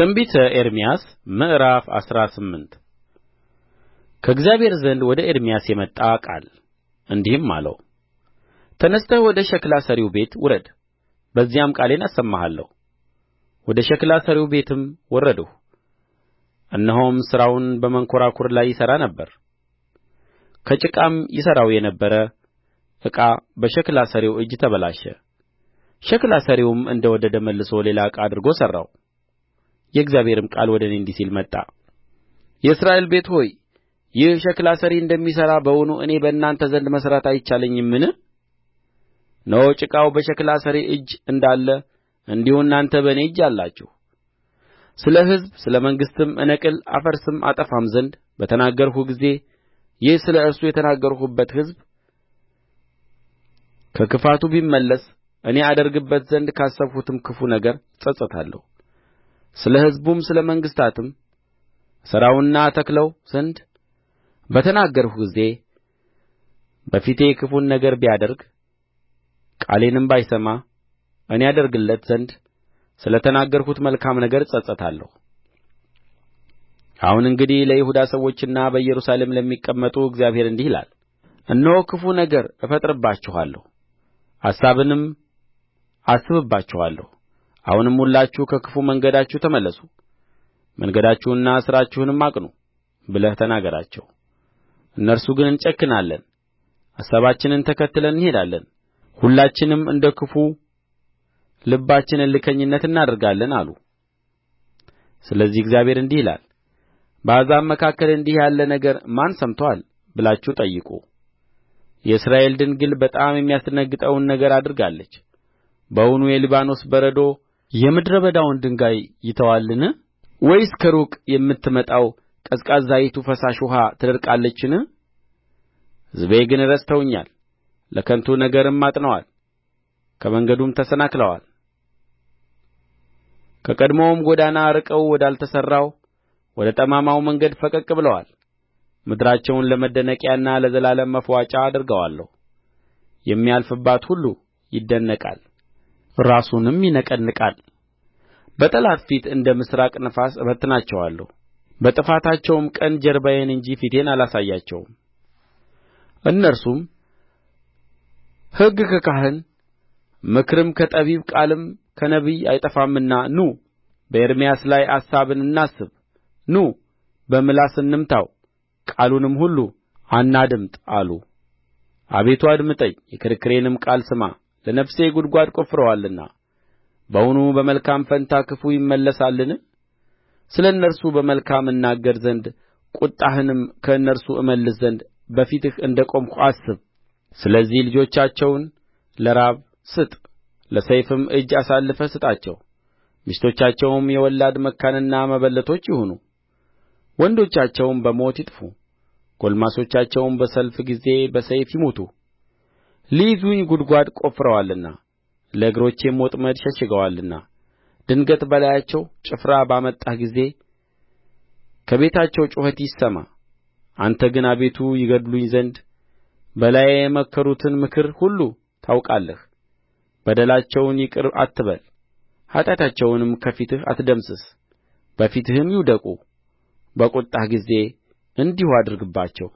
ትንቢተ ኤርምያስ ምዕራፍ አስራ ስምንት ከእግዚአብሔር ዘንድ ወደ ኤርምያስ የመጣ ቃል እንዲህም አለው ተነሥተህ ወደ ሸክላ ሠሪው ቤት ውረድ በዚያም ቃሌን አሰማሃለሁ ወደ ሸክላ ሠሪው ቤትም ወረድሁ እነሆም ሥራውን በመንኰራኵር ላይ ይሠራ ነበር ከጭቃም ይሠራው የነበረ ዕቃ በሸክላ ሠሪው እጅ ተበላሸ ሸክላ ሠሪውም እንደ ወደደ መልሶ ሌላ ዕቃ አድርጎ ሠራው የእግዚአብሔርም ቃል ወደ እኔ እንዲህ ሲል መጣ የእስራኤል ቤት ሆይ ይህ ሸክላ ሠሪ እንደሚሠራ በውኑ እኔ በእናንተ ዘንድ መሥራት አይቻለኝምን እነሆ ጭቃው በሸክላ ሠሪ እጅ እንዳለ እንዲሁ እናንተ በእኔ እጅ አላችሁ ስለ ሕዝብ ስለ መንግሥትም እነቅል አፈርስም አጠፋም ዘንድ በተናገርሁ ጊዜ ይህ ስለ እርሱ የተናገርሁበት ሕዝብ ከክፋቱ ቢመለስ እኔ አደርግበት ዘንድ ካሰብሁትም ክፉ ነገር እጸጸታለሁ ስለ ሕዝቡም ስለ መንግሥታትም እሠራውና እተክለው ዘንድ በተናገርሁ ጊዜ በፊቴ ክፉን ነገር ቢያደርግ ቃሌንም ባይሰማ እኔ አደርግለት ዘንድ ስለ ተናገርሁት መልካም ነገር እጸጸታለሁ አሁን እንግዲህ ለይሁዳ ሰዎችና በኢየሩሳሌም ለሚቀመጡ እግዚአብሔር እንዲህ ይላል እነሆ ክፉ ነገር እፈጥርባችኋለሁ አሳብንም አስብባችኋለሁ አሁንም ሁላችሁ ከክፉ መንገዳችሁ ተመለሱ መንገዳችሁንና ሥራችሁንም አቅኑ ብለህ ተናገራቸው እነርሱ ግን እንጨክናለን አሳባችንን ተከትለን እንሄዳለን ሁላችንም እንደ ክፉ ልባችን እልከኝነት እናደርጋለን አሉ ስለዚህ እግዚአብሔር እንዲህ ይላል በአሕዛብ መካከል እንዲህ ያለ ነገር ማን ሰምቶአል ብላችሁ ጠይቁ የእስራኤል ድንግል በጣም የሚያስደነግጠውን ነገር አድርጋለች በውኑ የሊባኖስ በረዶ የምድረ በዳውን ድንጋይ ይተዋልን ወይስ ከሩቅ የምትመጣው ቀዝቃዛይቱ ፈሳሽ ውኃ ትደርቃለችን ሕዝቤ ግን ረስተውኛል ለከንቱ ነገርም ዐጥነዋል ከመንገዱም ተሰናክለዋል ከቀድሞውም ጐዳና ርቀው ወዳልተሠራው ወደ ጠማማው መንገድ ፈቀቅ ብለዋል ምድራቸውን ለመደነቂያና ለዘላለም ማፍዋጫ አደርገዋለሁ የሚያልፍባት ሁሉ ይደነቃል ራሱንም ይነቀንቃል በጠላት ፊት እንደ ምሥራቅ ነፋስ እበትናቸዋለሁ በጥፋታቸውም ቀን ጀርባዬን እንጂ ፊቴን አላሳያቸውም እነርሱም ሕግ ከካህን ምክርም ከጠቢብ ቃልም ከነቢይ አይጠፋምና ኑ በኤርምያስ ላይ አሳብን እናስብ ኑ በምላስ እንምታው ቃሉንም ሁሉ አናድምጥ አሉ አቤቱ አድምጠኝ የክርክሬንም ቃል ስማ ለነፍሴ ጕድጓድ ቈፍረዋልና በውኑ በመልካም ፋንታ ክፉ ይመለሳልን ስለ እነርሱ በመልካም እናገር ዘንድ ቍጣህንም ከእነርሱ እመልስ ዘንድ በፊትህ እንደ ቆምሁ አስብ ስለዚህ ልጆቻቸውን ለራብ ስጥ ለሰይፍም እጅ አሳልፈህ ስጣቸው ሚስቶቻቸውም የወላድ መካንና መበለቶች ይሁኑ ወንዶቻቸውም በሞት ይጥፉ ጕልማሶቻቸውም በሰልፍ ጊዜ በሰይፍ ይሙቱ ሊይዙኝ ጕድጓድ ቈፍረዋልና ለእግሮቼም ወጥመድ ሸሽገዋልና ድንገት በላያቸው ጭፍራ ባመጣህ ጊዜ ከቤታቸው ጩኸት ይሰማ አንተ ግን አቤቱ ይገድሉኝ ዘንድ በላዬ የመከሩትን ምክር ሁሉ ታውቃለህ በደላቸውን ይቅር አትበል ኃጢአታቸውንም ከፊትህ አትደምስስ በፊትህም ይውደቁ በቍጣህ ጊዜ እንዲሁ አድርግባቸው